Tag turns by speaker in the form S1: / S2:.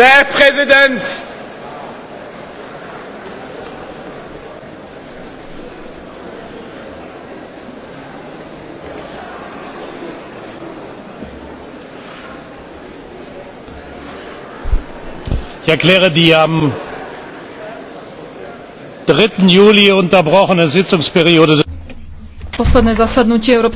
S1: Der Präsident!
S2: Ich erkläre die am
S3: 3. Juli unterbrochene Sitzungsperiode.
S4: des